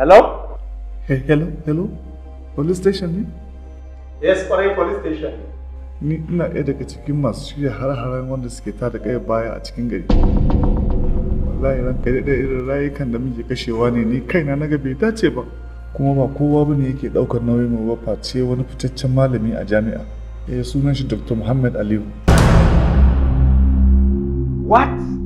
hello hello hello police station ne eh? yes a police station ni ina ɗaya daga cikin masu shirya har-haren wanda suke tada kai baya a cikin gari wallahi kai daɗa irin rayukan da muke kashewa ne ni kaina na bai dace ba kuma ba kowa ne yake ɗaukar nauyin mu ba face wani fitaccen malami a jami'a eh sunan shi dr muhammad aliyu what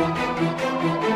Thank you.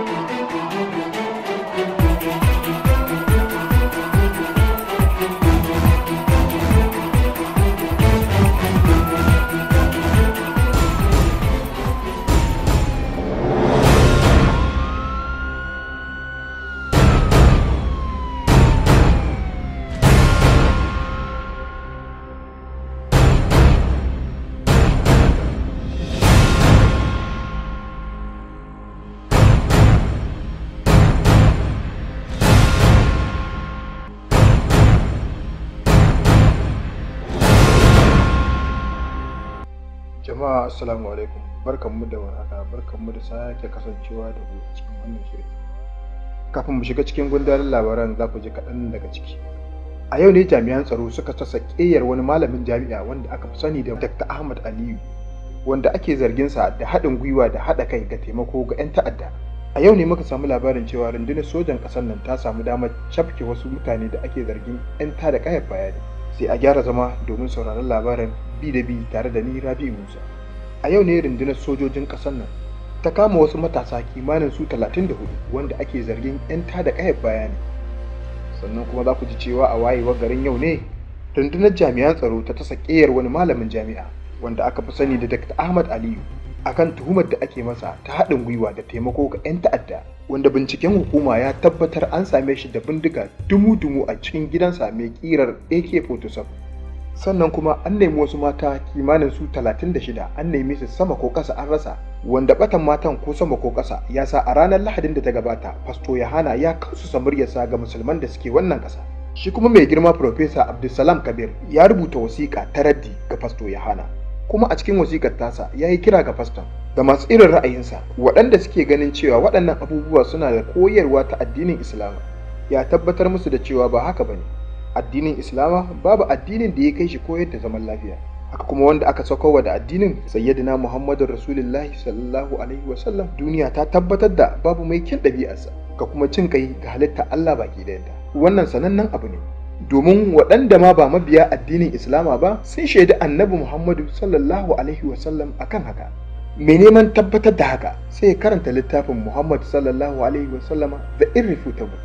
Jama'a assalamu alaikum mu da warhaka mu da sake kasancewa da ku a cikin wannan shirin. Kafin mu shiga cikin gundarin labaran za ku ji kaɗan daga ciki. A yau ne jami'an tsaro suka sassa wani malamin jami'a wanda aka fi sani da Dr. Ahmad Aliyu wanda ake zargin sa da haɗin gwiwa da haɗa kai ga taimako ga 'yan ta'adda. A yau ne muka samu labarin cewa rundunar sojan ƙasar nan ta samu damar cafke wasu mutane da ake zargin 'yan tada kayan bayani. Sai a gyara zama domin sauraron labarin bi da bi tare da ni Rabi'u Musa. A yau ne rundunar sojojin ƙasar nan ta kama wasu matasa kimanin su 34 wanda ake zargin 'yan tada kayan bayani Sannan kuma za ku ji cewa a wayewar garin yau ne rundunar jami'an tsaro ta tasa ƙeyar wani malamin jami'a wanda aka fi sani da Dr. Ahmad Aliyu akan tuhumar da ake masa ta haɗin gwiwa da taimako ga 'yan ta'adda wanda binciken hukuma ya tabbatar an same shi da bindiga dumu-dumu a cikin gidansa mai ƙirar AK-47 sannan kuma an nemi wasu mata kimanin su 36 an nemi su sama ko ƙasa an rasa wanda batan matan ko sama ko ƙasa ya sa a ranar lahadin da ta gabata fasto yahana ya kansu samuryarsa ga musulman da suke wannan ƙasa shi kuma mai girma Profesa Abdulsalam Kabir ya rubuta wasiƙa ta raddi ga Fasto Yahana, Kuma a cikin wasiƙar tasa ya yi kira ga faston da masu irin ra'ayinsa waɗanda suke ganin cewa waɗannan abubuwa suna da koyarwa ta addinin Islam ya tabbatar musu da cewa ba haka ba ne. addinin islama babu addinin da ya kai shi koyar da zaman lafiya haka kuma wanda aka saukowa da addinin sayyidina muhammadun rasulullahi sallallahu alaihi wasallam duniya ta tabbatar da babu mai kyan ɗabi'arsa ka kuma cin kai ga halitta allah baki ɗayanta wannan sanannen abu ne domin waɗanda ma ba mabiya addinin islama ba sun shaidi annabi muhammadu sallallahu alaihi wasallam akan haka mai neman tabbatar da haka sai ya karanta littafin muhammad sallallahu alaihi wasallama the irrefutable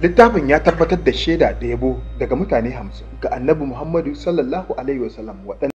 littafin ya tabbatar da shaida da yabo daga mutane hamsin ga annabi muhammadu sallallahu alaihi wasallam